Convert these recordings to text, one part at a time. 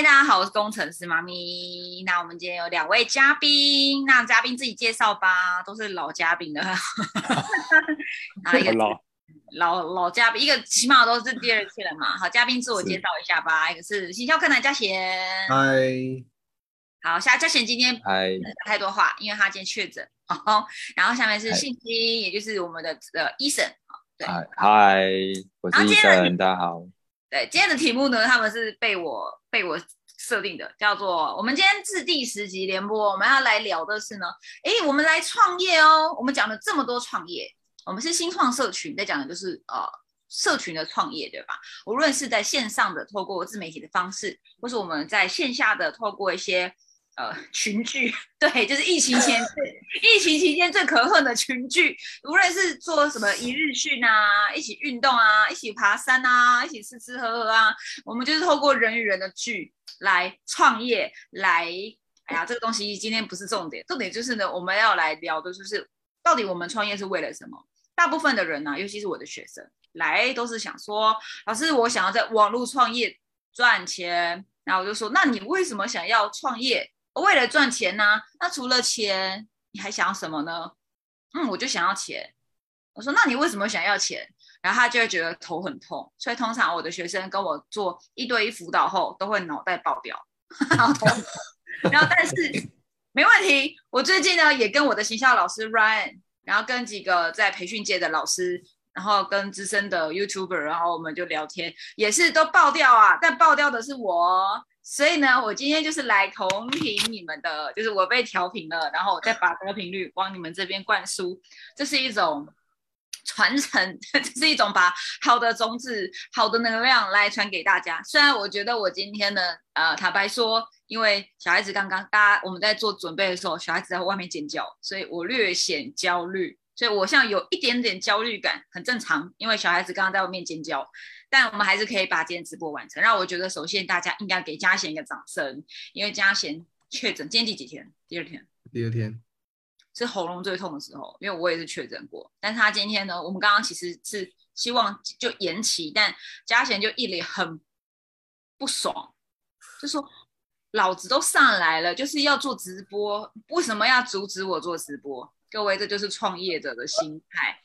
大家好，我是工程師媽咪。那我們今天有兩位嘉賓，讓嘉賓自己介紹吧，都是老嘉賓了。哪 一個老老老,老嘉賓？一個起碼都是第二期了嘛。好，嘉賓自我介紹一下吧。一個是行銷科男家弦，嗨。好，下家弦今天，嗨、呃，太多話，因為他今天確診哦。 然後下面是信鑫，也就是我們的呃 Eason，嗨，嗨，我是 Eason，大家好。對，今天的題目呢，他們是被我被我設定的，叫做我們今天是第十集聯播，我們要來聊的是呢，哎，我們來創業哦。我們講了這麼多創業，我們是新創社群在講的就是呃，社群的創業，對吧？無論是在線上的透過自媒體的方式，或是我們在線下的透過一些。呃，群聚對，就是疫情前， 疫情期間最可恨的群聚，無論是做什麼一日訓啊，一起運動啊，一起爬山啊，一起吃吃喝喝啊，我們就是透過人與人的聚來創業，來，哎呀，這個東西今天不是重點，重點就是呢，我們要來聊的就是到底我們創業是為了什麼？大部分的人呢、啊，尤其是我的學生來都是想說，老師我想要在網絡創業賺錢，然後我就說，那你為什麼想要創業？為了賺錢呢、啊，那除了錢，你還想要什麼呢？嗯，我就想要錢。我說，那你為什麼想要錢？然後他就會覺得頭很痛。所以通常我的學生跟我做一對一輔導後，都會腦袋爆掉， 很痛 然後但是沒問題。我最近呢，也跟我的形象老師 Ryan，然後跟幾個在培訓界的老師，然後跟資深的 YouTuber，然後我們就聊天，也是都爆掉啊。但爆掉的是我。所以呢，我今天就是來同頻你們的，就是我被調頻了，然後再把這個頻率往你們這邊灌輸，這是一種傳承，這是一種把好的種子、好的能量來傳給大家。雖然我覺得我今天呢，呃，坦白說，因為小孩子剛剛大家我們在做準備的時候，小孩子在外面尖叫，所以我略顯焦慮，所以我像有一點點焦慮感，很正常，因為小孩子剛剛在外面尖叫。但我們還是可以把今天直播完成。那我覺得，首先大家應該給家弦一個掌聲，因為家弦確診今天第幾天？第二天。第二天。是喉嚨最痛的時候，因為我也是確診過。但是他今天呢，我們剛剛其實是希望就延期，但家弦就一臉很不爽，就說：“老子都上來了，就是要做直播，為什麼要阻止我做直播？”各位，這就是創業者的心態。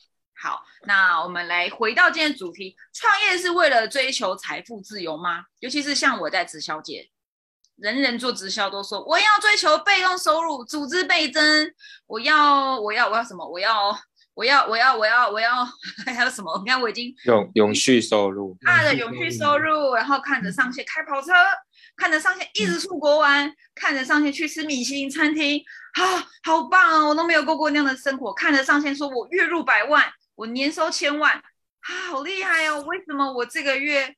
好，那我們來回到今天主題：創業是為了追求財富自由嗎？尤其是像我在直銷界，人人做直銷都說我要追求被動收入、組織倍增，我要我要我要什麼？我要我要我要我要我要,我要 還有什麼？你看我已經永永續收入啊，的永續收入、嗯，然後看着上線開跑車，看着上線一直出國玩，嗯、看着上線去吃米其林餐廳啊，好棒哦！我都沒有過過那樣的生活，看着上線說我月入百萬。我年收千萬、啊，好厲害哦！為什麼我這個月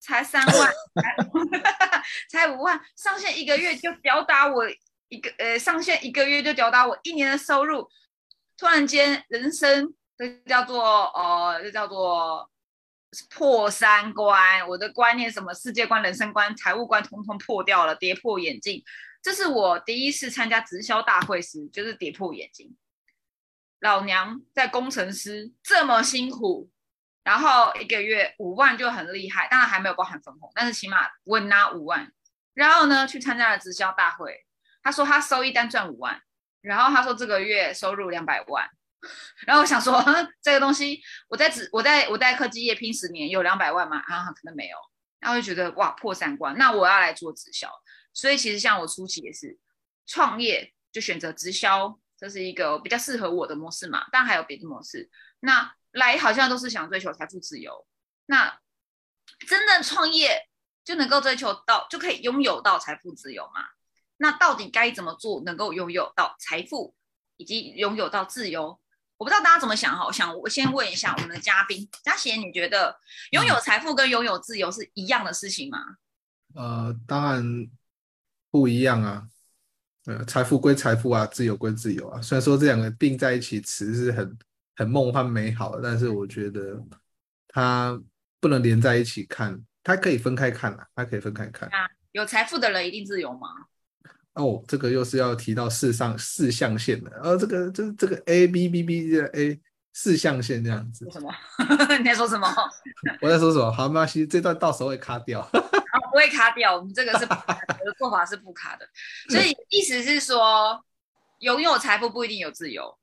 才三萬， 才五萬？上線一個月就吊打我一個，呃，上線一個月就吊打我一年的收入。突然間，人生這叫做呃，這叫做破三觀，我的觀念、什麼世界觀、人生觀、財務觀，統統破掉了，跌破眼鏡。這是我第一次參加直銷大會時，就是跌破眼鏡。老娘在工程師這麼辛苦，然後一個月五萬就很厲害，當然還沒有包含分紅，但是起碼穩拿五萬。然後呢，去參加了直銷大會，他說他收一單賺五萬，然後他說這個月收入兩百萬，然後我想說，這個東西我在直我在我在科技業拼十年有兩百萬嗎？啊，可能沒有，然後我就覺得哇破三觀，那我要來做直銷。所以其實像我初期也是創業就選擇直銷。這是一個比較適合我的模式嘛，但還有別的模式。那來好像都是想追求財富自由。那真正創業就能夠追求到，就可以擁有到財富自由嘛？那到底該怎麼做能夠擁有到財富以及擁有到自由？我不知道大家怎麼想哈。我想我先問一下我們的嘉賓家弦， 你覺得擁有財富跟擁有自由是一樣的事情嗎？呃，當然不一樣啊。嗯、財富歸財富啊，自由歸自由啊。雖然說這兩個併在一起，詞是很很夢幻美好的，但是我覺得它不能連在一起看，它可以分開看了，它可以分開看。啊、有財富的人一定自由嗎？哦，這個又是要提到四上四象限的，哦，這個就是這個 A B B B A 四象限這樣子。啊、什麼？ 你在說什麼？我 在說什麼？好，沒關係，這段到時候會卡掉。 不會卡掉，我們這個是做 法是不卡的，所以意思是說，擁有財富不一定有自由，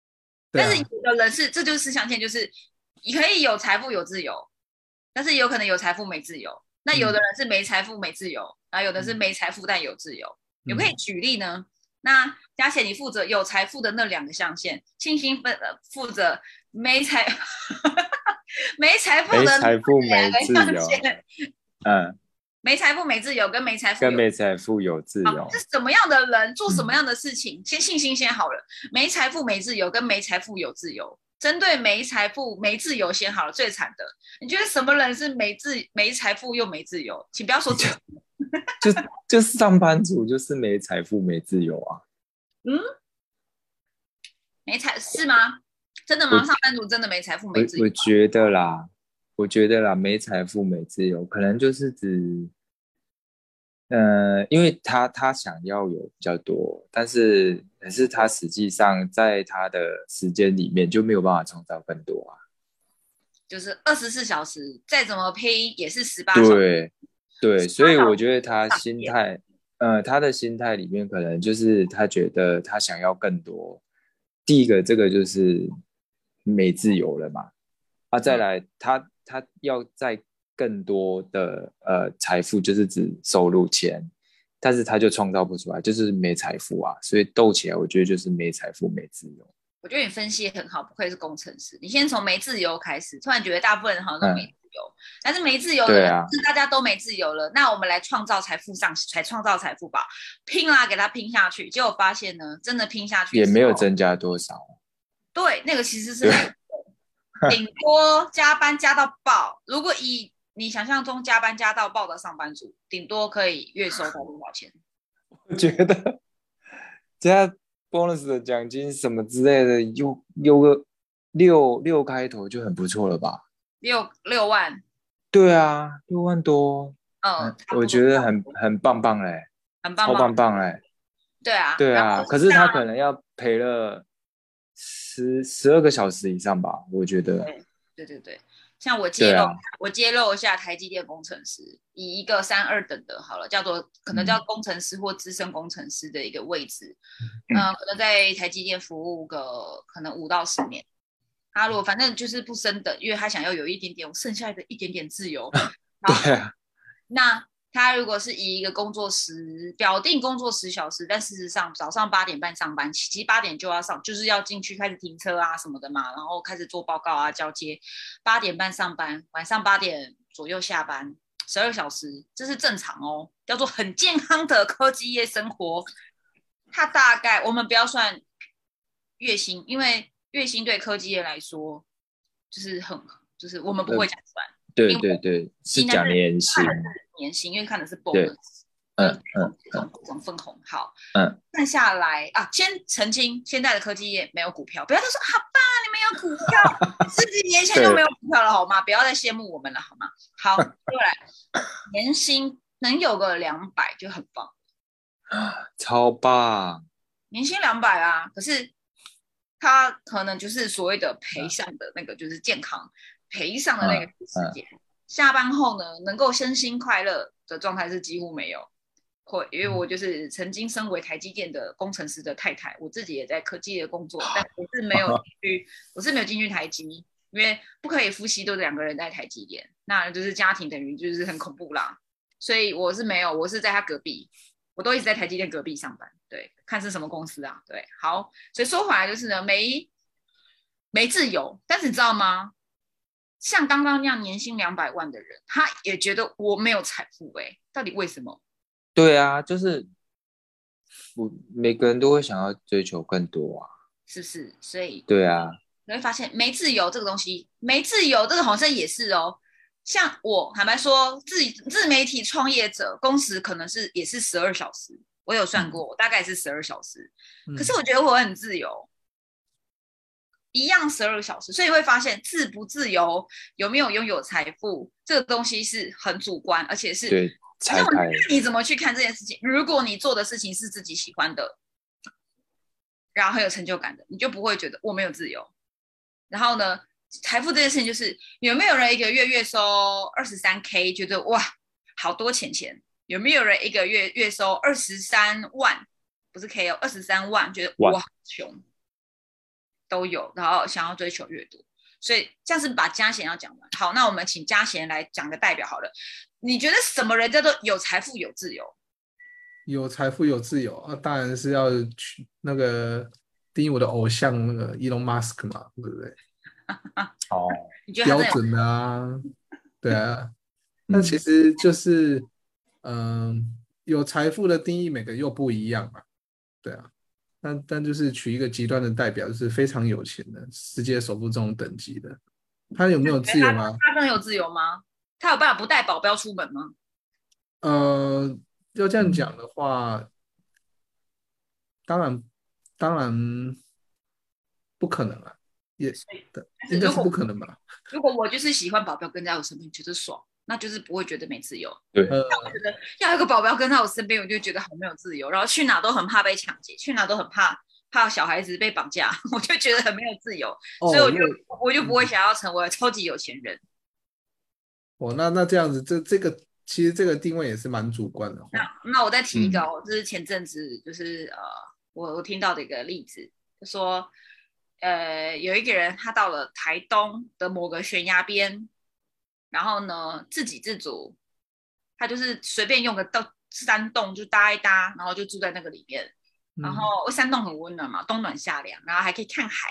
但是有的人是，這就是象限，就是你可以有財富有自由，但是有可能有財富沒自由，那有的人是沒財富沒自由，啊、嗯，有的是沒財富但有自由，也、嗯、可以舉例呢。那家弦你負責有財富的那兩個象限，信鑫負責沒財 沒財富的那兩個象限，沒財富沒自由，嗯。沒財富沒自由跟沒財富有自由，自由啊、是什麼樣的人做什麼樣的事情、嗯？先信心先好了。沒財富沒自由跟沒財富有自由，針對沒財富沒自由先好了。最慘的，你覺得什麼人是沒自沒財富又沒自由？請不要說就就就上班族，就是沒財富沒自由啊？嗯，沒財是嗎？真的嗎？上班族真的沒財富沒自由嗎？我，我，我覺得啦，我覺得啦，沒財富沒自由可能就是指。嗯、呃，因為他他想要有比較多，但是可是他實際上在他的時間裡面就沒有辦法創造更多啊。就是二十四小時再怎麼拼也是十八小時。對對，所以我覺得他心態、啊，呃，他的心態裡面可能就是他覺得他想要更多。第一個，這個就是沒自由了嘛。啊，再來，嗯、他他要在。更多的呃財富就是指收入錢，但是他就創造不出來，就是沒財富啊。所以鬥起來，我覺得就是沒財富、沒自由。我覺得你分析很好，不愧是工程師。你先從沒自由開始，突然覺得大部分人好像都沒自由，嗯、但是沒自由，對啊，是大家都沒自由了。那我們來創造財富上，才創造財富吧，拼啦，給他拼下去。結果發現呢，真的拼下去也沒有增加多少。對，那個其實是頂 多加班加到爆。如果以你想象中加班加到爆的上班族，頂多可以月收到多少錢？ 我覺得加 bonus 的獎金什麼之類的，有有個六六開頭就很不錯了吧？六六萬？對啊，六萬多。嗯，嗯我覺得很、嗯、很棒棒嘞、欸，很棒，棒，棒棒嘞。對啊，對啊。是可是他可能要賠了十十二個小時以上吧？我覺得。對對對，對。像我揭露、啊，我揭露一下台積電工程師，以一個三二等的好了，叫做可能叫工程師或資深工程師的一個位置，嗯，可、呃、能在台積電服務個可能五到十年，他、啊、如果反正就是不升等，因為他想要有一點點我剩下的一點點自由， 啊啊、那。他如果是以一個工作時表定工作十小時，但事實上早上八點半上班，其實八點就要上，就是要進去開始停車啊什麼的嘛，然後開始做報告啊交接，八點半上班，晚上八點左右下班，十二小時，這是正常哦，叫做很健康的科技業生活。他大概我們不要算月薪，因為月薪對科技業來說就是很，就是我們不會講出來。嗯對對對，講年薪，是年薪，因為看的是 bonus 嗯嗯，嗯這，這種分紅好，嗯，看下來啊，先澄清，現在的科技業沒有股票，不要再說好吧、啊，你們有股票， 十幾年前就沒有股票了 好嗎？不要再羨慕我們了好嗎？好，對，年薪能有個兩百就很棒，啊， 超棒，年薪兩百啊，可是他可能就是所謂的賠上的那個，就是健康。賠上了那個時間，啊啊，下班後呢，能夠身心快樂的狀態是幾乎沒有。會，因為我就是曾經身為台積電的工程師的太太，我自己也在科技的工作，但我是沒有去，啊，我是沒有進去台積，因為不可以夫妻都是兩個人在台積電，那就是家庭等於就是很恐怖啦。所以我是沒有，我是在他隔壁，我都一直在台積電隔壁上班，對，看是什麼公司啊，對，好，所以說回來就是呢，沒沒自由，但是你知道嗎？像剛剛那樣年薪兩百萬的人，他也覺得我沒有財富哎、欸，到底為什麼？對啊，就是我每個人都會想要追求更多啊，是不是？所以對啊，你會發現沒自由這個東西，沒自由這個好像也是哦。像我坦白說，自自媒體創業者工時可能是也是十二小時，我有算過，嗯、大概是十二小時。可是我覺得我很自由。嗯一樣十二個小時，所以會發現自不自由有沒有擁有財富這個東西是很主觀，而且是對，那你怎麼去看這件事情？如果你做的事情是自己喜歡的，然後很有成就感的，你就不會覺得我沒有自由。然後呢，財富這件事情就是有沒有人一個月月收二十三 K，覺得哇好多錢錢？有沒有人一個月月收二十三萬？不是 K 哦，二十三萬，覺得、One. 哇窮。都有，然後想要追求越多，所以這樣子把家弦要講完。好，那我們請家弦來講個代表好了。你覺得什麼人叫做有財富有自由？有財富有自由啊，當然是要去那個定義我的偶像那個伊隆·馬斯克嘛？對不對？好、 哦，標準啊， 對啊。那其實就是， 嗯，有財富的定義每個又不一樣嘛，對啊。但但就是取一個極端的代表，就是非常有錢的世界首富這種等級的，他有沒有自由嗎？嗯、他能有自由嗎？他有辦法不帶保鏢出門嗎？呃，要這樣講的話，嗯、當然當然不可能啊，也真的不可能吧？如果我就是喜歡保鏢更加有生命，覺得爽。那就是不會覺得沒自由，對。因為我覺得要有一個保鏢跟在我身邊，我就覺得很沒有自由。然後去哪都很怕被搶劫，去哪都很怕怕小孩子被綁架，我就覺得很沒有自由。哦、所以我就、那個，我就不會想要成為超級有錢人。哦，那那這樣子，這這個其實這個定位也是蠻主觀的、哦。那那我再提一個、哦，這、嗯就是前陣子就是呃，我我聽到的一個例子，就說呃，有一個人他到了台東的某個懸崖邊。然後呢，自給自足，他就是隨便用個洞山洞就搭一搭，然後就住在那個裡面。然後，山洞很溫暖嘛，冬暖夏涼，然後還可以看海。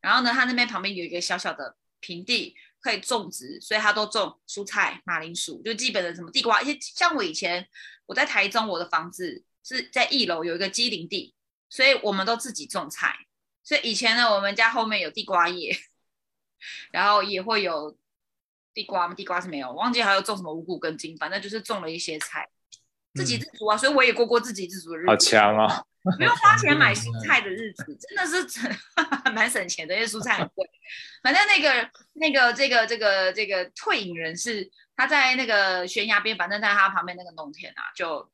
然後呢，他那邊旁邊有一個小小的平地，可以種植，所以他都種蔬菜、馬鈴薯，就基本的什麼地瓜。像我以前我在台中，我的房子是在一樓有一個畸零地，所以我們都自己種菜。所以以前呢，我們家後面有地瓜葉，然後也會有。地瓜地瓜是沒有，忘記還有種什麼五穀根莖，反正就是種了一些菜，自給自足啊、嗯，所以我也過過自給自足的日子，好強啊、哦！沒、嗯、有花錢買蔬菜的日子， 真的是蠻省錢的，因為蔬菜很貴。 反正那個那個這個這個這個退隱人士，他在那個懸崖邊，反正在他旁邊那個農田啊，就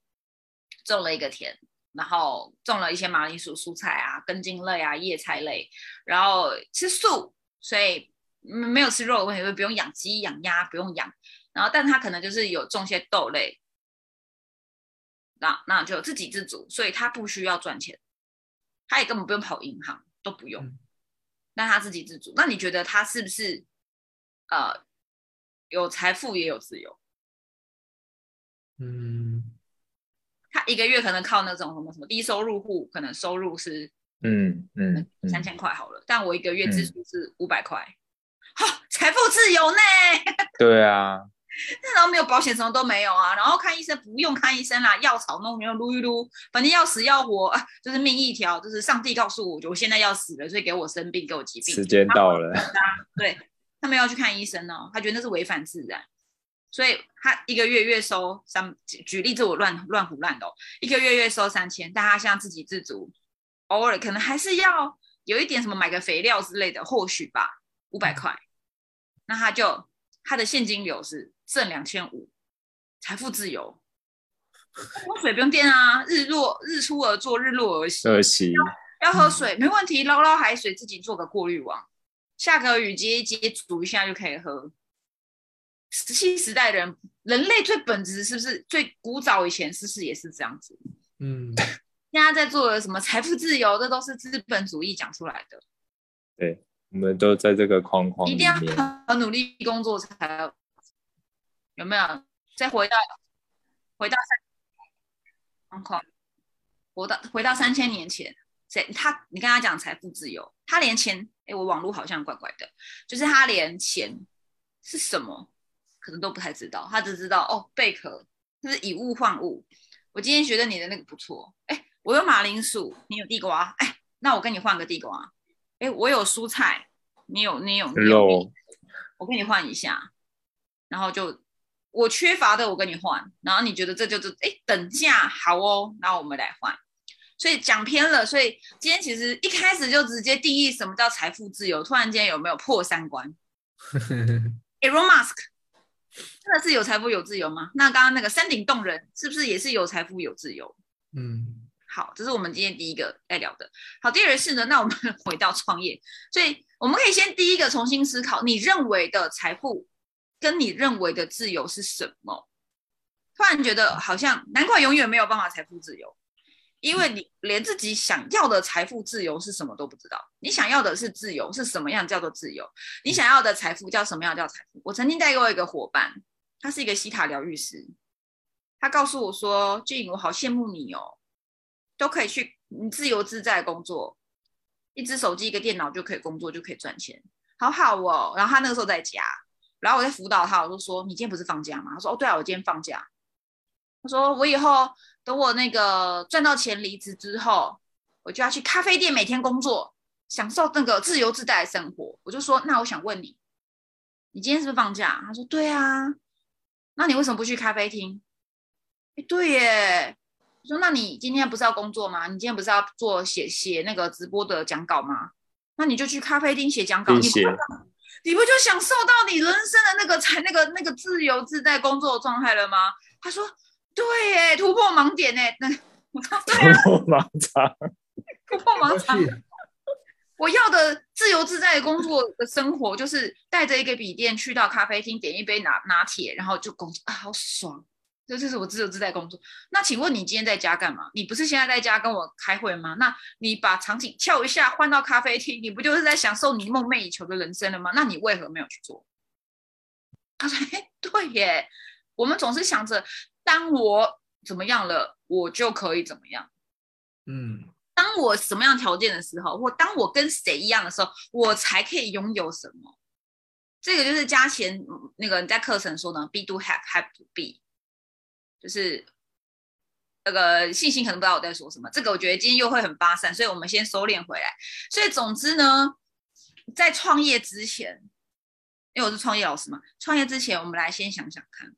種了一個田，然後種了一些馬鈴薯、蔬菜啊、根莖類啊、葉菜類，然後吃素，所以。沒有吃肉的問題，就不用養雞養鴨，不用養。然後，但他可能就是有種些豆類，那那就自給自足，所以他不需要賺錢，他也根本不用跑銀行，都不用，那、嗯、他自給自足。那你覺得他是不是呃有財富也有自由？嗯，他一個月可能靠那種什麼什麼低收入戶，可能收入是嗯嗯三千塊好了，嗯嗯、但我一個月支出是五百塊。好、哦，財富自由呢？對啊，那 然後沒有保險，什麼都沒有啊。然後看醫生不用看醫生啦，藥草弄，用擼一擼，反正要死要活，啊、就是命一條，就是上帝告訴我，我現在要死了，所以給我生病，給我疾病。時間到了， 對，他們要去看醫生哦，他覺得那是違反自然，所以他一個月月收三，舉例子，我亂亂胡亂的、哦，一個月月收三千，但他現在自給自足，偶爾可能還是要有一點什麼買個肥料之類的，或許吧，五百塊。那他就他的現金流是掙兩千五，財富自由，喝水不用電啊，日落日出而作日落而息，要喝水沒問題，撈撈海水自己做個過濾網，下個雨接一接煮一下就可以喝。石器時代的人，人類最本質是不是最古早以前是不是也是這樣子？嗯，現在在做的什麼財富自由，這都是資本主義講出來的，對。我們都在這個框框裡面，一定要很努力工作才有，有沒有？再回到回到三框框，回到回到三千年前，誰？他你跟他講財富自由，他連錢，哎，我網絡好像怪怪的，就是他連錢是什麼，可能都不太知道，他只知道哦貝殼，就是以物換物。我今天覺得你的那個不錯，哎，我有馬鈴薯，你有地瓜，哎，那我跟你換個地瓜。哎、欸，我有蔬菜，你有，你有，你有，Hello. 我跟你換一下，然後就我缺乏的，我跟你換，然後你覺得這就是哎、欸，等一下好哦，那我們來換，所以講偏了，所以今天其實一開始就直接定義什麼叫財富自由，突然間有沒有破三觀 Elon Musk 真的是有財富有自由嗎？那剛剛那個山頂洞人是不是也是有財富有自由？嗯。好，這是我們今天第一個來聊的。好，第二個是呢，那我們回到創業，所以我們可以先第一個重新思考，你認為的財富跟你認為的自由是什麼？突然覺得好像難怪永遠沒有辦法財富自由，因為你連自己想要的財富自由是什麼都不知道。你想要的是自由是什麼樣叫做自由？你想要的財富叫什麼樣叫財富？我曾經帶過一個夥伴，他是一個希塔療癒師，他告訴我說：“俊穎，我好羨慕你哦。”都可以去，你自由自在工作，一只手機一個電腦就可以工作，就可以賺錢，好好哦。然後他那個時候在家，然後我在輔導他，我就說：“你今天不是放假嗎？”他說：“哦，對啊，我今天放假。”他說：“我以後等我那個賺到錢離職之後，我就要去咖啡店每天工作，享受那個自由自在的生活。”我就說：“那我想問你，你今天是不是放假？”他說：“對啊。”那你為什麼不去咖啡廳？哎，對耶。說，那你今天不是要工作嗎？你今天不是要做寫寫那個直播的講稿嗎？那你就去咖啡廳寫講稿。你，啊、你不就享受到你人生的那個才那個、那個、那個自由自在工作的狀態了嗎？他說，對誒，突破盲點誒，那、 啊、突破盲腸 突破盲腸 我要的自由自在的工作的生活就是帶着一個筆電去到咖啡廳，點一杯拿拿鐵，然後就工作，啊，好爽。這就是我自由自在工作。那請問你今天在家幹嘛？你不是現在在家跟我開會嗎？那你把場景跳一下，換到咖啡廳，你不就是在享受你夢寐以求的人生了嗎？那你為何沒有去做？他說：“哎，對耶，我們總是想着，當我怎麼樣了，我就可以怎麼樣。嗯，當我什麼樣條件的時候，或當我跟誰一樣的時候，我才可以擁有什麼。這個就是家弦那個你在課程說的，be do have have to be。”就是那、這個信心可能不知道我在說什麼，這個我覺得今天又會很發散，所以我們先收斂回來。所以總之呢，在創業之前，因為我是創業老師嘛，創業之前我們來先想想看，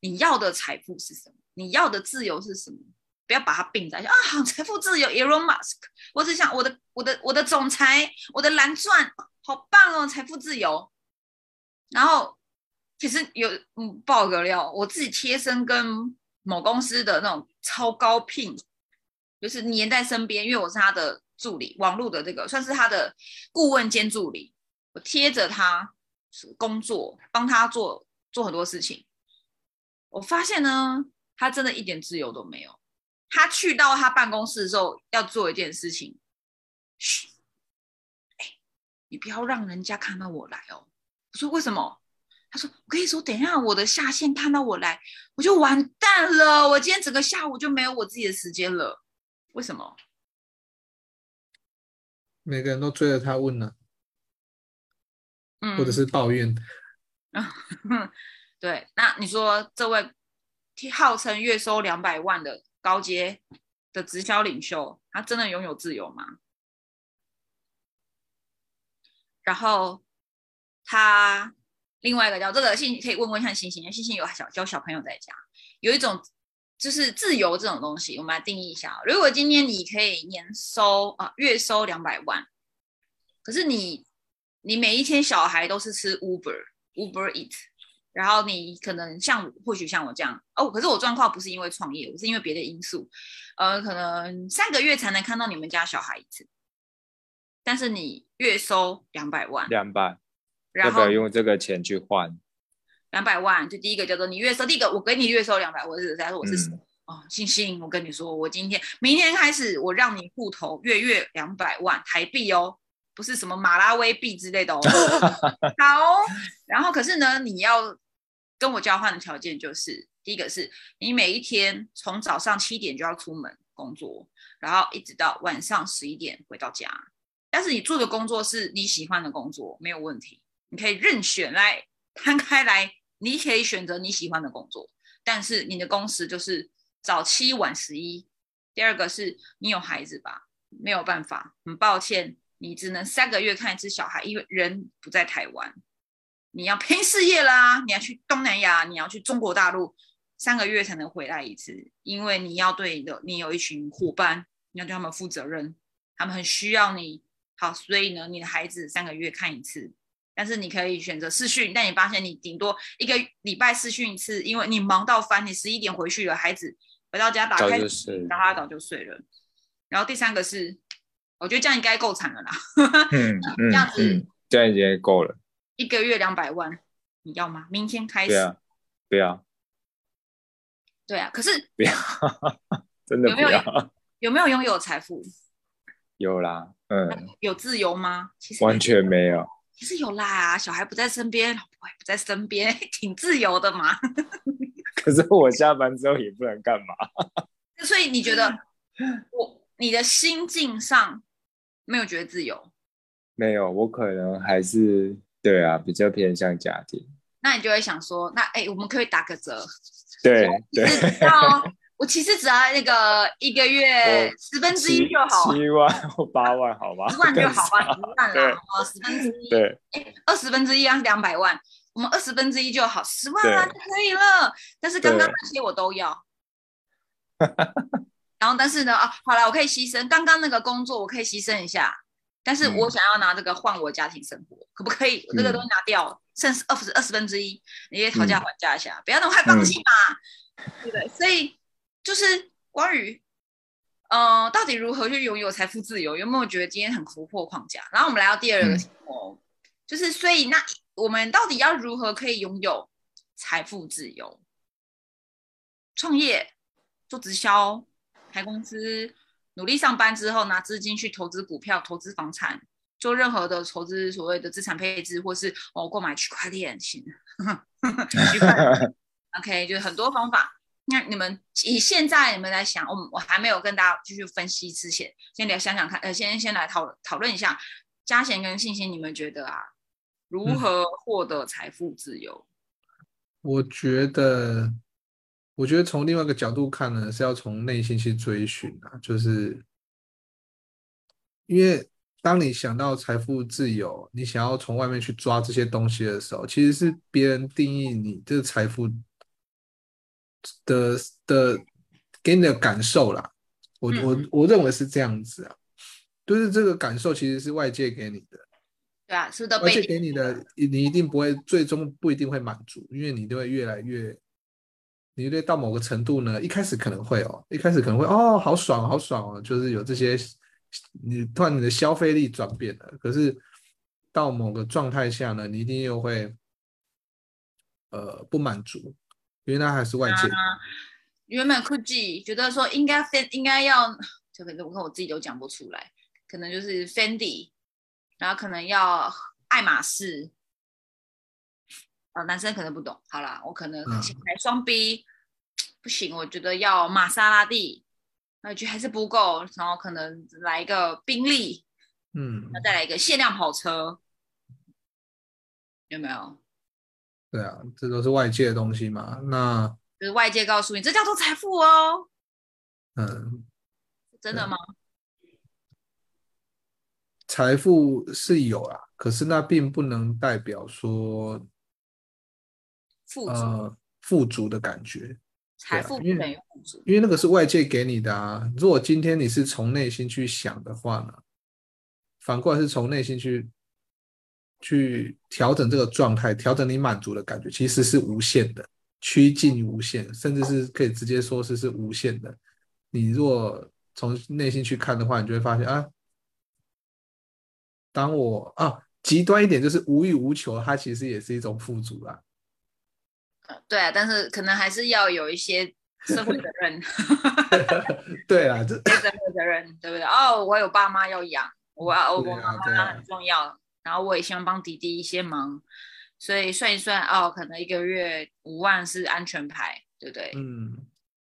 你要的財富是什麼？你要的自由是什麼？不要把它併在一起啊，好！財富自由 e r o n Musk，我只想我的我的我的，我的總裁，我的藍鑽，好棒哦！財富自由，然後。其實有嗯，爆個料，我自己貼身跟某公司的那種超高聘，就是黏在身邊，因為我是他的助理，網絡的這個算是他的顧問兼助理，我貼着他，就是，工作，幫他做做很多事情。我發現呢，他真的一點自由都沒有。他去到他辦公室的時候，要做一件事情，噓、哎，你不要讓人家看到我來哦。我說為什麼？他說：“我跟你說，等一下我的下線看到我來，我就完蛋了。我今天整個下午就沒有我自己的時間了。為什麼？每個人都追着他問呢、嗯，或者是抱怨。 對，那你說這位號稱月收兩百萬的高階的直銷領袖，他真的擁有自由嗎？然後他。”另外一個叫這個你可以問問一下信鑫，信鑫有小教小朋友在家，有一種就是自由這種東西，我們來定義一下。如果今天你可以年收啊月收兩百萬，可是你你每一天小孩都是吃 Uber Uber Eat，然後你可能像我或許像我這樣哦，可是我狀況不是因為創業，我是因為別的因素，呃，可能三個月才能看到你們家小孩一次，但是你月收兩百萬，兩百。要不要用這個錢去換兩百萬，就第一個叫做你月收，第一個我給你月收兩百萬，我只是我是誰。嗯、哦，信鑫，我跟你說，我今天明天開始，我讓你戶頭月月兩百萬台幣哦，不是什麼馬拉威幣之類的哦， 好哦，然後可是呢，你要跟我交換的條件就是，第一個是你每一天從早上七點就要出門工作，然後一直到晚上十一點回到家，但是你做的工作是你喜歡的工作，沒有問題。你可以任選來攤開來，你可以選擇你喜歡的工作，但是你的工時就是早七晚十一。第二個是你有孩子吧，沒有辦法，很抱歉，你只能三個月看一次小孩，因為人不在台灣，你要拼事業啦，你要去東南亞，你要去中國大陸，三個月才能回來一次，因為你要對的，你有一群夥伴，你要對他們負責任，他們很需要你，好，所以呢，你的孩子三個月看一次。但是你可以選擇視訊，但你發現你頂多一個禮拜視訊一次，因為你忙到翻，你十一點回去了，孩子回到家打開，然後他早就睡了。然後第三個是，我覺得這樣應該夠慘了啦。嗯 這樣子、嗯嗯、這樣已經夠了。一個月兩百萬，你要嗎？明天開始。對啊。對啊。對啊，可是不要， 真的不要有沒有。有沒有擁有財富？有啦嗯，嗯。有自由嗎？其實完全沒有。是有啦，小孩不在身邊，老婆也不在身邊，挺自由的嘛。 可是我下班之後也不能幹嘛。 所以你覺得我你的心境上沒有覺得自由？沒有，我可能還是對啊，比較偏向家庭。那你就會想說，那哎、欸，我們可，可以打個折。對， 對 我其實只要那個一個月十分之一就好，哦、七,七萬或、哦、八萬好，好、啊、吧，十萬就好啊，十萬了，吧，十分之一，對，誒二十分之一啊，兩百萬，我們二十分之一就好，十萬就可以了。但是剛剛那些我都要，然後但是呢，啊，好了，我可以犧牲剛剛那個工作，我可以犧牲一下，但是我想要拿這個換我家庭生活，嗯、可不可以？我這個東西拿掉，嗯、剩二十二十分之一，你也討價還價一下、嗯，不要那麼快放棄嘛，嗯、對不對？所以。就是關於，嗯、呃，到底如何去擁有財富自由？有沒有覺得今天很突破框架？然後我們來到第二個題目、嗯，就是所以那我們到底要如何可以擁有財富自由？創業、做直銷、開公司、努力上班之後拿資金去投資股票、投資房產、做任何的投資，所謂的資產配置，或是哦購買區塊鏈行呵 區塊鏈 OK，就很多方法。那你們以現在你們在想，我我還沒有跟大家繼續分析之前，先來想想看，呃，先先來討論討論一下，家弦跟信鑫，你們覺得啊，如何獲得財富自由？嗯。我覺得，我覺得從另外一個角度看呢，是要從內心去追尋啊，就是因為當你想到財富自由，你想要從外面去抓這些東西的時候，其實是別人定義你這個、就是、財富。的的給你的感受啦，我、嗯、我我認為是這樣子啊，就是這個感受其實是外界給你的，對啊，是外界給你的，你一定不會最終不一定會滿足，因為你就會越來越，你對到某個程度呢，一開始可能會哦，一開始可能會哦，好爽好爽哦，就是有這些，你突然你的消費力轉變了，可是到某個狀態下呢，你一定又會呃不滿足。因為他還是外界、啊。原本 Gucci 覺得說應該飛，應該要，反正我看我自己都講不出來，可能就是 Fendi，然後可能要愛馬仕，呃、啊，男生可能不懂。好啦，我可能想來雙 B，嗯、不行，我覺得要瑪莎拉蒂，我覺得還是不夠，然後可能來一個賓利，嗯，那再來一個限量跑車，有沒有？對啊，這都是外界的東西嘛。那就是外界告訴你，這叫做財富哦。嗯，真的嗎？嗯、財富是有啊，可是那並不能代表說富足呃富足的感覺。財富等有。富足、啊因，因為那個是外界給你的啊。如果今天你是從內心去想的話呢，反過來是從內心去。去調整這個狀態、調整你滿足的感覺，其實是無限的，趨近無限，甚至是可以直接說是是無限的。你若從內心去看的話，你就會發現啊，當我啊，極端一點，就是無欲無求，它其實也是一種富足啦、啊。對啊，但是可能還是要有一些社會責任、 啊。對啊，這社會責任 對不對？哦，我有爸媽要養，我對、啊、我爸媽、媽、媽很重要。然後我也希望幫弟弟一些忙，所以算一算哦，可能一個月五萬是安全牌，對不對？嗯，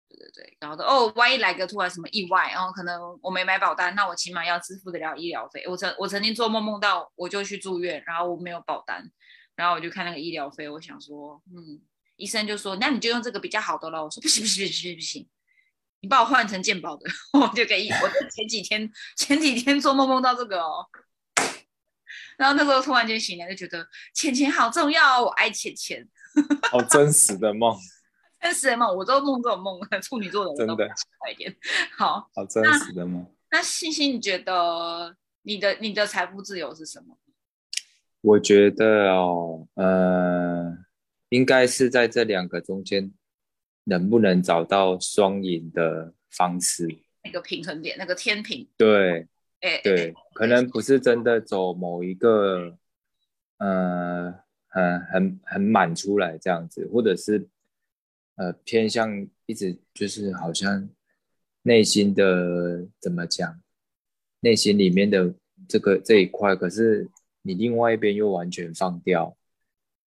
對對對。然後的哦，萬一來個突然什麼意外，然後，哦，可能我沒買保單，那我起碼要支付得了醫療費。我曾我曾經做夢夢到我就去住院，然後我沒有保單，然後我就看那個醫療費，我想說，嗯，醫生就說，那你就用這個比較好的了。我說不行不行不行不行不行，你把我換成健保的，我就可以。我前幾天前幾天做夢夢到這個哦。然後那時候突然間醒來就覺得錢錢好重要，我愛錢錢。好、oh, 真實的夢，真實的夢，我都夢這種夢。處女座人都快一點，好好真實的夢。那欣欣，你覺得你的你的財富自由是什麼？我覺得哦，呃，應該是在這兩個中間，能不能找到雙贏的方式？那個平衡點，那個天平，對。欸欸欸對，可能不是真的走某一個，呃、嗯嗯嗯嗯嗯，很很滿出來這樣子，或者是，呃，偏向一直就是好像內心的怎麼講，內心裡面的這個這一塊、嗯，可是你另外一邊又完全放掉，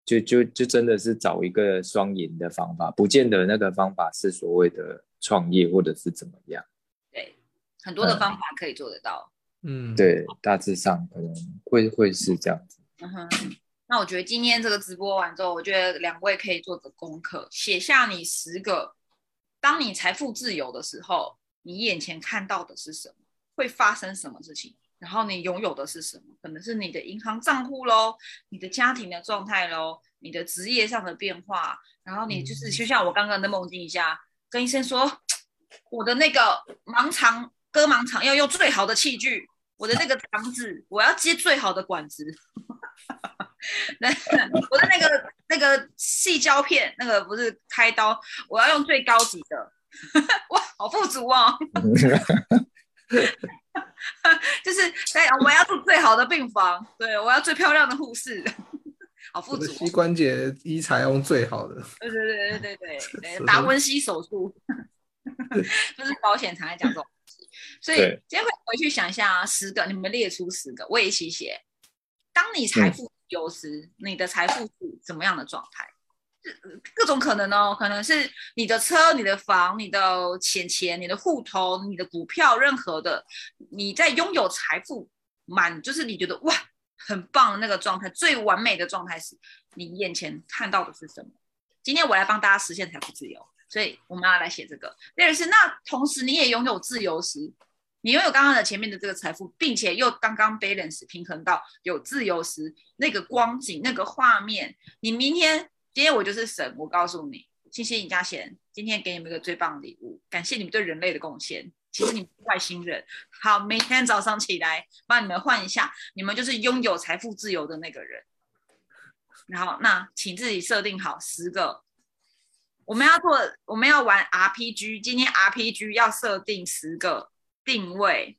就就就真的是找一個雙贏的方法，不見得那個方法是所謂的創業或者是怎麼樣。對，嗯、很多的方法可以做得到。嗯，對，大致上可能會會是這樣子。嗯哼，那我覺得今天這個直播完之後，我覺得兩位可以做個功課，寫下你十個，當你財富自由的時候，你眼前看到的是什麼，會發生什麼事情，然後你擁有的是什麼，可能是你的銀行賬戶咯，你的家庭的狀態咯，你的職業上的變化，然後你就是、嗯、就像我剛剛的夢境一下，跟醫生說，我的那個盲腸，割盲腸要用最好的器具。我的那個腸子，我要接最好的管子。那 我的那個那個矽膠片，那個不是開刀，我要用最高級的。我 好富足哦， 就是對，我要住最好的病房，對，我要最漂亮的護士， 好富足哦。我的膝關節醫採用最好的，對 對對對對對，達文西手術， 就是保險常來講說。所以，今天回回去想一下啊，十個，你們列出十個，我也一起寫。當你財富有時、嗯，你的財富是怎麼樣的狀態？各種可能哦，可能是你的車、你的房、你的錢錢、你的戶頭、你的股票，任何的。你在擁有財富滿，就是你覺得哇很棒的那個狀態。最完美的狀態是，你眼前看到的是什麼？今天我來幫大家實現財富自由。所以我們要來寫這個，第二是那同時你也擁有自由時，你擁有剛剛的前面的這個財富，並且又剛剛 balance 平衡到有自由時那個光景，那個畫面。你明天今天我就是神，我告訴你，謝謝尹家弦，今天給你們一個最棒的禮物，感謝你們對人類的貢獻。其實你們是外星人，好，明天早上起來幫你們換一下，你們就是擁有財富自由的那個人。然後那請自己設定好十個。我們要做，我們要玩 RPG。今天 RPG 要設定十個定位，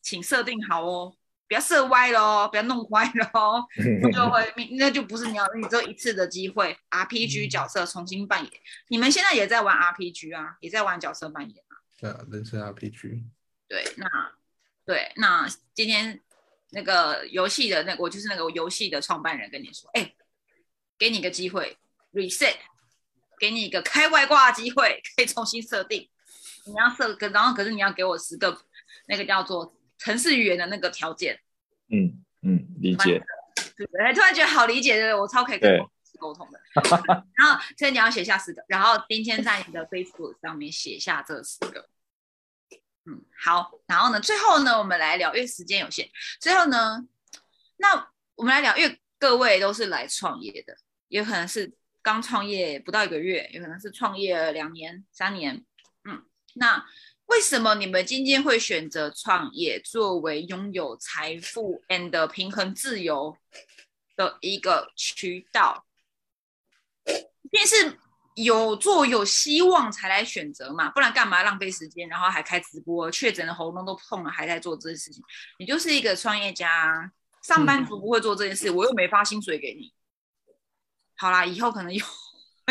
請設定好哦，不要設歪了哦，不要弄歪了哦。那 就會那就不是你要，你只有一次的機會。RPG 角色重新扮演、嗯，你們現在也在玩 RPG 啊，也在玩角色扮演啊，對、啊，人生 RPG。對，那對，那今天那個遊戲的那個、我就是那個我遊戲的創辦人跟你說，哎，給你一個機會，reset。給你一個開外掛的機會，可以重新設定。你要設個，然後可是你要給我十個，那個叫做程式語言的那個條件。嗯嗯，理解。哎，突然覺得好理解，對不對？我超可以跟我溝通的。 然後，所以你要寫下十個，然後今天在你的 Facebook 上面寫下這十個。嗯，好。然後呢，最後呢，我們來聊，因為時間有限。最後呢，那我們來聊，因為各位都是來創業的，也可能是。剛創業不到一個月，有可能是創業了兩年、三年。嗯，那為什麼你們今天會選擇創業作為擁有財富 and 平衡自由的一個渠道？一定是有做有希望才來選擇嘛，不然幹嘛浪費時間，然後還開直播，確診的喉嚨都痛了還在做這件事情。你就是一個創業家，上班族不會做這件事，嗯，我又沒發薪水給你。好啦，以後可能有。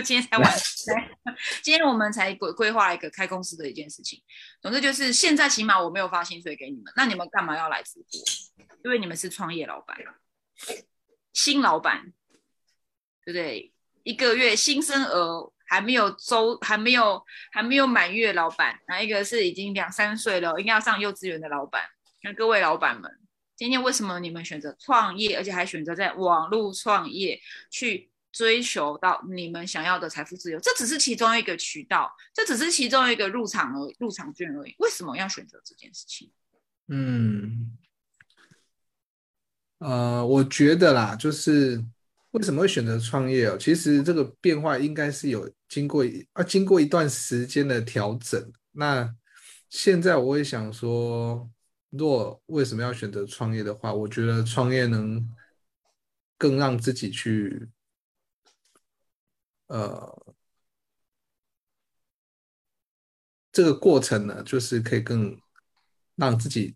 今天才晚， 今天我們才規規劃一個開公司的一件事情。總之就是，現在起碼我沒有發薪水給你們，那你們幹嘛要來直播？因為你們是創業老闆，新老闆，對不對？一個月新生兒還沒有周，還沒有還沒有滿月，老闆那一個是已經兩三歲了，應該要上幼稚園的老闆？那各位老闆們，今天為什麼你們選擇創業，而且還選擇在網絡創業去？追求到你們想要的財富自由，這只是其中一個渠道，這只是其中一個入場入場券而已。為什麼要選擇這件事情？嗯，呃，我覺得啦，就是為什麼會選擇創業哦？其實這個變化應該是有經過啊，經過一段時間的調整。那現在我會想說，若為什麼要選擇創業的話，我覺得創業能更讓自己去。呃，這個過程呢，就是可以更讓自己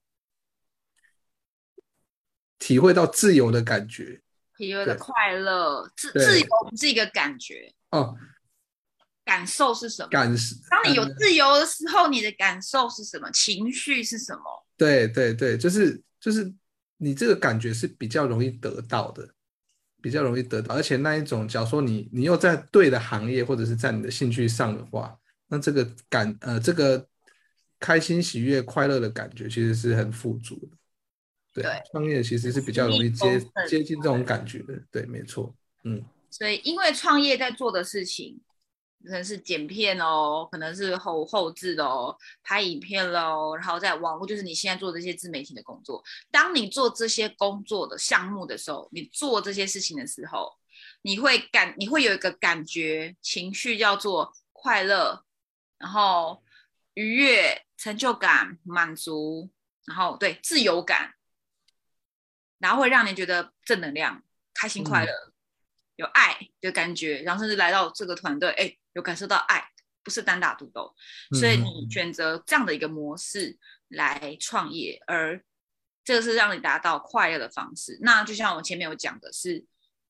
體會到自由的感覺，體會的快樂。自自由不是一個感覺哦，感受是什麼？感受？當你有自由的時候，你的感受是什麼？情緒是什麼？對對對，就是就是你這個感覺是比較容易得到的。比較容易得到，而且那一種，假如說你你又在對的行業，或者是在你的興趣上的話，那這個感呃，這個開心、喜悅、快樂的感覺，其實是很富足的。對，對，創業其實是比較容易接接近這種感覺的。對，沒錯，嗯。所以，因為創業在做的事情。可能是剪片哦，可能是後後製的哦，拍影片嘍，哦，然後在網路，或就是你現在做這些自媒體的工作。當你做這些工作的項目的時候，你做這些事情的時候，你會感你會有一個感覺情緒叫做快樂，然後愉悅、成就感、滿足，然後對自由感，然後會讓你覺得正能量、開心快樂、嗯、有愛的感覺，然後甚至來到這個團隊，哎。有感受到愛，不是單打獨鬥嗯嗯嗯，所以你選擇這樣的一個模式來創業，而這個是讓你達到快樂的方式。那就像我前面有講的是，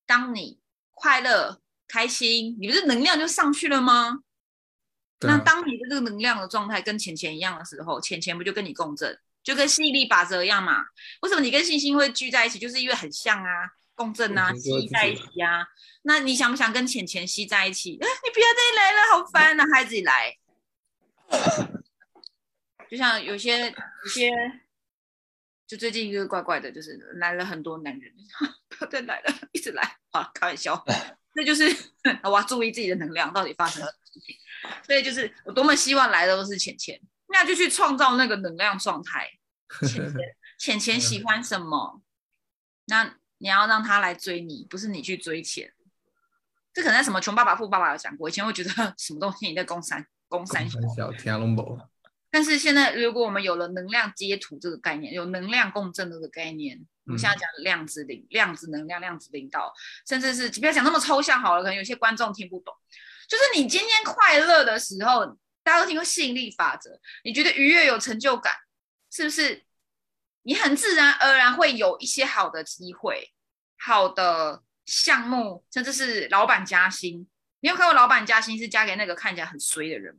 當你快樂、開心，你不是能量就上去了嗎？嗯、那當你的這個能量的狀態跟錢錢一樣的時候，錢錢不就跟你共振，就跟吸引力法則一樣嘛？為什麼你跟信鑫會聚在一起，就是因為很像啊。共振啊，吸一在一起啊。那你想不想跟淺淺吸在一起？啊、你不要再來了，好煩啊！孩自己來， 就像有些有些，就最近一個怪怪的，就是來了很多男人，不要再來了，一直來。好、啊，開玩笑，那就是 我要注意自己的能量到底發生了什麼事情。所以就是我多麼希望來的都是淺淺，那就去創造那個能量狀態。淺淺淺淺喜歡什麼？那。你要讓他來追你，不是你去追錢。這可能在什麼窮爸爸富爸爸有講過。以前會覺得什麼東西你在攻三攻三小天龍。但是現在，如果我們有了能量接圖這個概念，有能量共振這個概念，嗯、我們現在講量子領量子能量量子領導，甚至是不要講那麼抽象好了，可能有些觀眾聽不懂。就是你今天快樂的時候，大家都聽過吸引力法則，你覺得愉悅有成就感，是不是？你很自然而然會有一些好的機會、好的項目，甚至是老闆加薪。你有看過老闆加薪是加給那個看起來很衰的人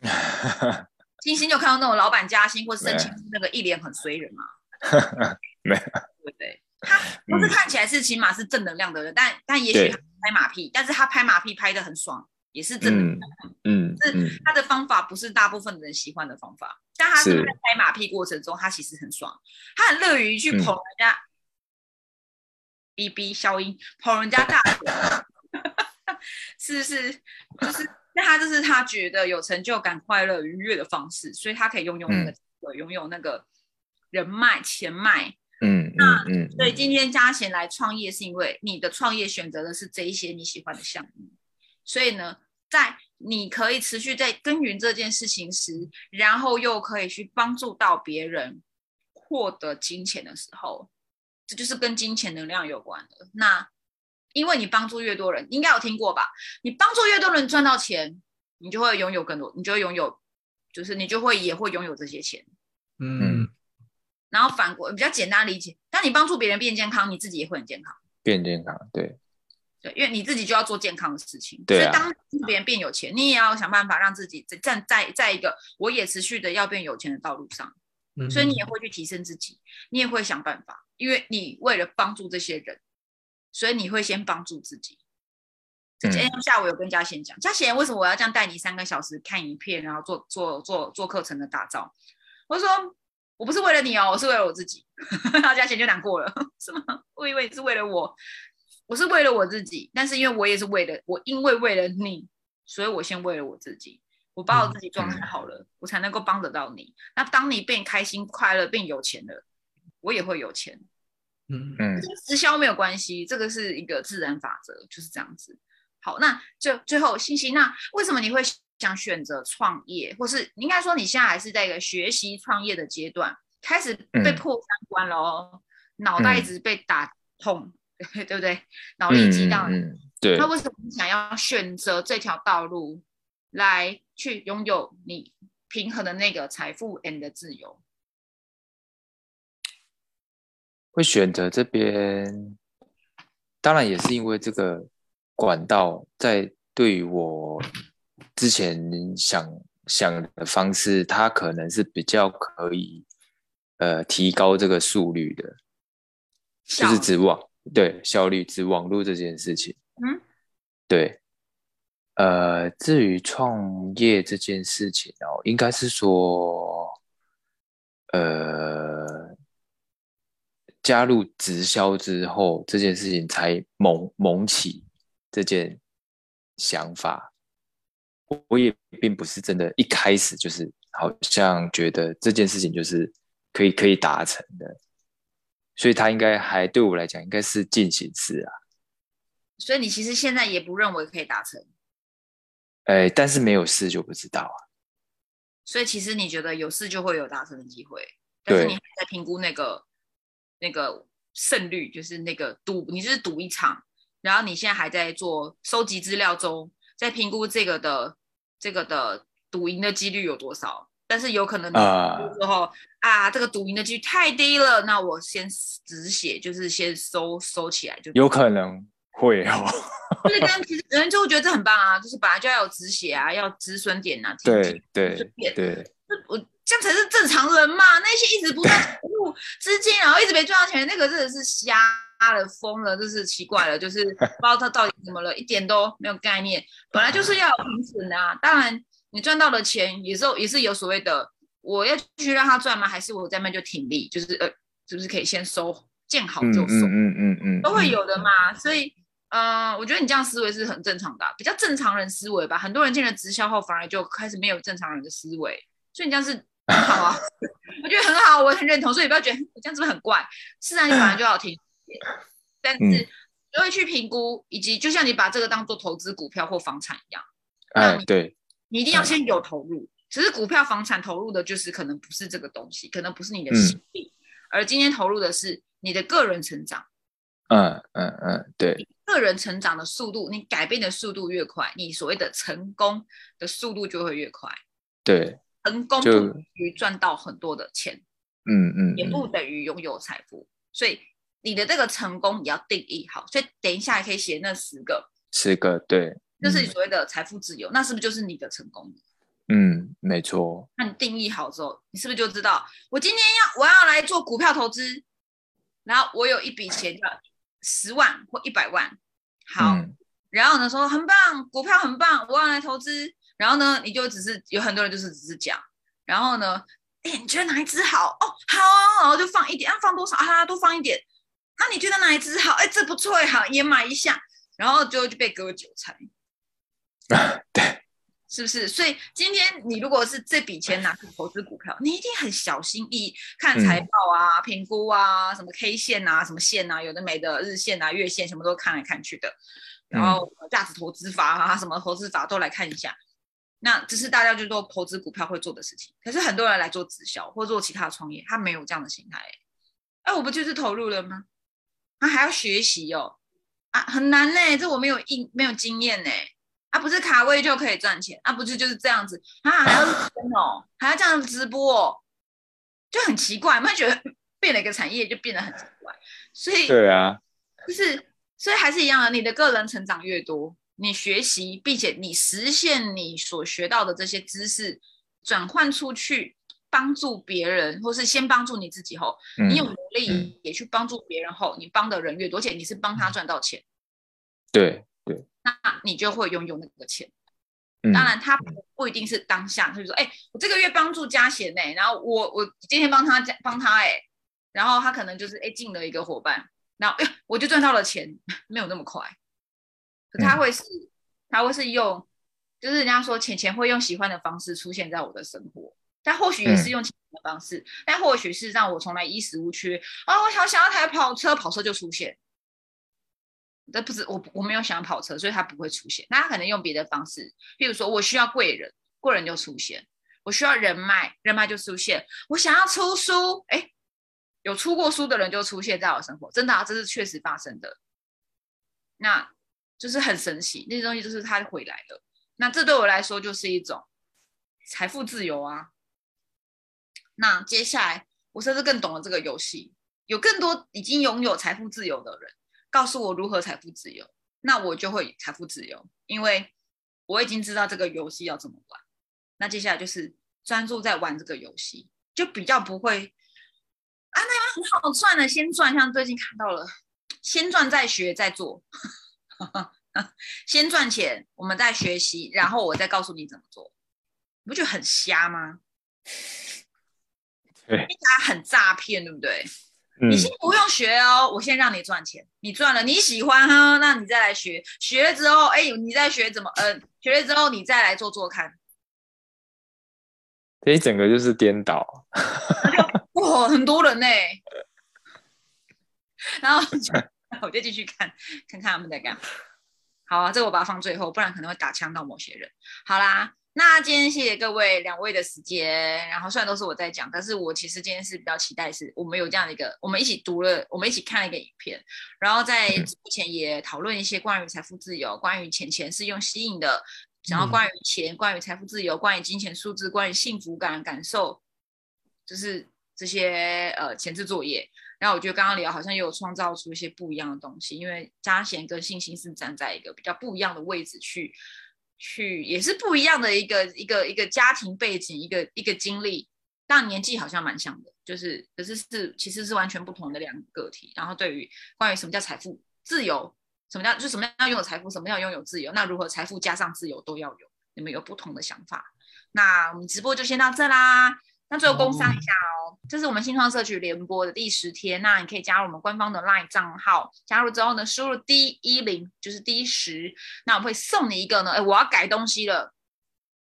嗎？金 星有看到那種老闆加薪或者升職那個一臉很衰人嗎？沒有。對不對？他不是看起來是起碼是正能量的人，但但也許他拍馬屁，但是他拍馬屁拍得很爽。也是真的，嗯，嗯，是他的方法不是大部分人喜歡的方法，嗯嗯、但他是在拍馬屁過程中，他其實很爽，他很樂於去捧人家，B B、嗯、消音捧人家大腿，嗯、 是是，就是那他就是他覺得有成就感、快樂、愉悅的方式，所以他可以擁有那個、嗯、擁有那個人脈、錢脈，嗯，那嗯嗯所以今天家弦來創業是因為你的創業選擇的是這一些你喜歡的項目，所以呢。在你可以持續在耕耘這件事情時，然後又可以去幫助到別人獲得金錢的時候，這就是跟金錢能量有關的。那因為你幫助越多人，應該有聽過吧？你幫助越多人賺到錢，你就會擁有更多，你就會擁有，就是你就會也會擁有這些錢。嗯。然後反過，比較簡單理解，當你幫助別人變健康，你自己也會很健康。變健康，對。對，因為你自己就要做健康的事情，所以當別人變有錢、啊，你也要想辦法讓自己在站在在一個我也持續的要變有錢的道路上、嗯，所以你也會去提升自己，你也會想辦法，因為你為了幫助這些人，所以你會先幫助自己。今天下午有跟家弦講，家、嗯、弦為什麼我要這樣帶你三個小時看影片，然後做做做做課程的打造，我說我不是為了你哦，我是為了我自己。 然後家弦就難過了，是嗎？我以為你是為了我。我是為了我自己，但是因為我也是為了我，因為為了你，所以我先為了我自己。我把我自己狀態好了，嗯、我才能夠幫得到你。那當你變開心、嗯、快樂、變有錢了，我也會有錢。嗯嗯，直銷沒有關係，這個是一個自然法則，就是這樣子。好，那就最後信鑫，那為什麼你會想選擇創業，或是應該說你現在還是在一個學習創業的階段，開始被破三關了、嗯，腦袋一直被打痛。嗯嗯對 對不對？腦力激盪、嗯，對。那為什麼想要選擇這條道路來去擁有你平衡的那個財富 and 的自由？會選擇這邊，當然也是因為這個管道在對我之前想想的方式，它可能是比較可以呃提高這個速率的，就是指望。對，效率指網絡這件事情。嗯，對。呃，至於創業這件事情哦，應該是說，呃，加入直銷之後這件事情才萌萌起這件想法。我也並不是真的一開始就是好像覺得這件事情就是可以可以達成的。所以他應該還對我來講應該是進行式啊，所以你其實現在也不認為可以達成，哎、欸，但是沒有試就不知道啊，所以其實你覺得有試就會有達成的機會，對，但是你還在評估那個那個勝率，就是那個賭，你就是賭一場，然後你現在還在做收集資料中，在評估這個的這個的賭贏的幾率有多少。但是有可能啊，時、uh, 候啊，這個賭贏的幾率太低了，那我先止血，就是先收收起來就，就有可能會哦。 就是跟其實人就會覺得這很棒啊， 就是本來就要有止血啊，要止損點吶、啊。對對對，我這樣才是正常人嘛。那些一直不斷投入資金， 然後一直沒賺到錢，那個真的是瞎了瘋了，就是奇怪了，就是不知道他到底怎麼了， 一點都沒有概念。本來就是要有止損的啊，當然。你賺到的錢也是有也是有所謂的，我要去讓他賺嗎？還是我在那就停利？就是呃，是、就、不是可以先收，見好就收？嗯嗯嗯，嗯都會有的嘛。所以，呃，我覺得你這樣思維是很正常的、啊，比較正常人思維吧。很多人進了直銷後，反而就開始沒有正常人的思維。所以你這樣是很好啊， 我覺得很好，我很認同。所以不要覺得我這樣子很怪。是啊，你反而就要停、嗯、但是都會去評估，以及就像你把這個當做投資股票或房產一樣。嗯、哎，對。你一定要先有投入，嗯、只是股票、房產投入的就是可能不是這個東西，可能不是你的實力、嗯，而今天投入的是你的個人成長。嗯嗯嗯，對。個人成長的速度，你改變的速度越快，你所謂的成功的速度就會越快。對，成功不等於賺到很多的錢，嗯嗯，也不等於擁有財富、嗯嗯，所以你的這個成功也要定義好。所以等一下也可以寫那十個，十個對。就是你所謂的財富自由、嗯，那是不是就是你的成功？嗯，沒錯。那你定義好之後，你是不是就知道我今天要我要來做股票投資，然後我有一筆錢叫十萬或一百萬，好，嗯、然後呢說很棒，股票很棒，我要來投資。然後呢，你就只是有很多人就是只是講，然後呢，哎，你覺得哪一只好？哦、好哦好，然後就放一點，啊、放多少啊多放一點。那、啊、你覺得哪一只好？哎，這不錯好、啊、也買一下，然後就被割韭菜。 對是不是？所以今天你如果是這筆錢拿去投資股票， 你一定很小心翼翼，看財報啊，評估啊，什麼 K 線啊，什麼線啊，有的沒的，日線啊，月線，什麼都看來看去的。然後價值投資法啊， 什麼投資法都來看一下。那只是大家就做投資股票會做的事情。可是很多人來做直銷或做其他創業，他沒有這樣的心態。哎、啊，我不就是投入了嗎？他、啊、還要學習喲、哦，啊，很難嘞，這我沒有經沒有經驗嘞。啊，不是卡位就可以賺錢，啊，不是就是這樣子啊，還要錢哦、喔， 還要這樣子直播、喔，就很奇怪，有覺得變了一個產業就變得很奇怪？所以對啊，就是所以還是一樣的、啊，你的個人成長越多，你學習並且你實現你所學到的這些知識，轉換出去幫助別人，或是先幫助你自己後，你有能力也去幫助別人後，你幫的人越多，而且你是幫他賺到錢， 對。那你就會擁有那個錢。嗯、當然，他不一定是當下，他就是說，哎、欸，我這個月幫助家弦呢、欸，然後我我今天幫他加幫他哎、欸，然後他可能就是哎、欸、進了一個夥伴，然後哎、呃、我就賺到了錢，沒有那麼快，可他會是、嗯、他會是用，就是人家說錢錢會用喜歡的方式出現在我的生活，但或許也是用錢的方式、嗯，但或許是讓我從來衣食無缺，啊、哦，我好想要台跑車，跑車就出現。這不是我我沒有想跑車，所以他不會出現。那他可能用別的方式，比如說我需要貴人，貴人就出現；我需要人脈，人脈就出現。我想要出書，哎，有出過書的人就出現在我的生活，真的啊，這是確實發生的。那就是很神奇，那些東西就是他回來了。那這對我來說就是一種財富自由啊。那接下來我甚至更懂了這個遊戲，有更多已經擁有財富自由的人。告訴我如何財富自由，那我就會財富自由，因為我已經知道這個遊戲要怎麼玩。那接下來就是專注在玩這個遊戲，就比較不會啊，那個很好賺的，先賺，像最近看到了，先賺再學再做， 先賺錢，我們再學習，然後我再告訴你怎麼做，不就很瞎嗎？聽起來很詐騙，對不對？嗯、你先不用學哦，我先讓你賺錢，你賺了你喜歡哈、啊，那你再來學，學了之後，哎、欸，你再學怎麼，嗯、呃，學了之後你再來做做看，這一整個就是顛倒。 哇，很多人呢、欸， 然後就我就繼續看看看他們在幹嘛。好啊，這個我把它放最後，不然可能會打槍到某些人。好啦。那今天謝謝各位兩位的時間。然後雖然都是我在講，但是我其實今天是比較期待，是我們有這樣的一個，我們一起讀了，我們一起看了一個影片，然後在之前也討論一些關於財富自由，關於錢錢是用吸引的，然後關於錢，關於財富自由，關於金錢數字，關於幸福感感受，就是這些呃前置作業。然後我覺得剛剛聊好像也有創造出一些不一樣的東西，因為家弦跟信鑫是站在一個比較不一樣的位置去。去也是不一樣的一個一個一個家庭背景，一個一個經歷，但年紀好像蠻像的，就是可是是其實是完全不同的兩個個體。然後對於關於什麼叫財富自由，什麼叫就什麼樣要擁有財富，什麼樣要擁有自由，那如何財富加上自由都要有，你們有不同的想法。那我們直播就先到這啦。那最後工商一下哦，oh. 這是我們新創社區聯播的第十天，那你可以加入我們官方的 LINE 賬號，加入之後呢，輸入 D 一零，就是 D 十，那我會送你一個呢。哎，我要改東西了，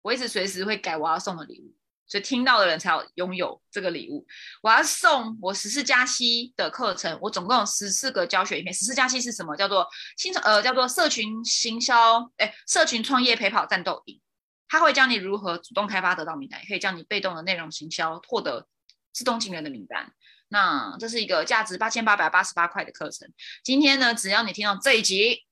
我一直隨時會改我要送的禮物，所以聽到的人才有擁有這個禮物。我要送我十四加七的課程，我總共有十四個教學影片。十四加七是什麼？叫做新創呃，叫做社群行銷，哎，社群創業陪跑戰鬥營。他會教你如何主動開發得到名單，也可以教你被動的內容行銷，獲得自動進來的名單。那這是一個價值八千八百八十八塊的課程。今天呢，只要你聽到這一集，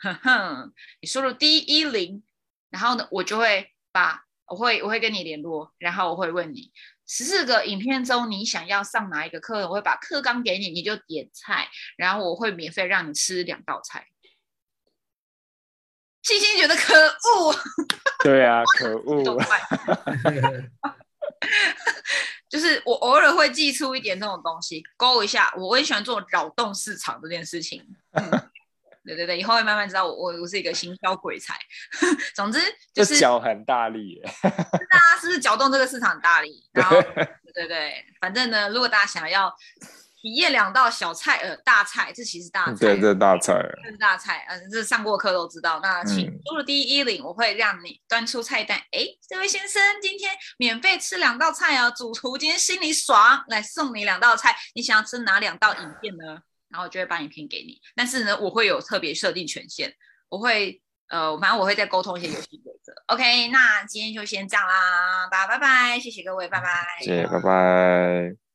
哼哼，你輸入 D 一零，然後呢，我就會把，我會，我會跟你聯絡，然後我會問你十四個影片中你想要上哪一個課？我會把課綱給你，你就點菜，然後我會免費讓你吃兩道菜。信鑫覺得可惡，對啊， 可惡惡。 就是我偶爾會寄出一點這種東西，勾一下。我也喜歡做攪動市場這件事情。嗯、 對對對，以後會慢慢知道我，我我我是一個行銷鬼才。 總之就是腳很大力， 大家是不是攪動這個市場很大力？然後 對對對，反正呢，如果大家想要。體驗兩道小菜，呃，大菜，這其實大菜，嗯、對，這大菜，嗯、這是大菜，嗯、呃，這上過課都知道。那請，除、嗯、了第一領，我會讓你端出菜單，哎，這位先生今天免費吃兩道菜啊，主廚今天心裡爽，來送你兩道菜，你想要吃哪兩道影片呢？然後我就會把影片給你。但是呢，我會有特別設定權限，我會，呃，反正我會再溝通一些遊戲規則。 OK，那今天就先這樣啦，大家拜拜，謝謝各位，拜拜，謝謝，拜拜。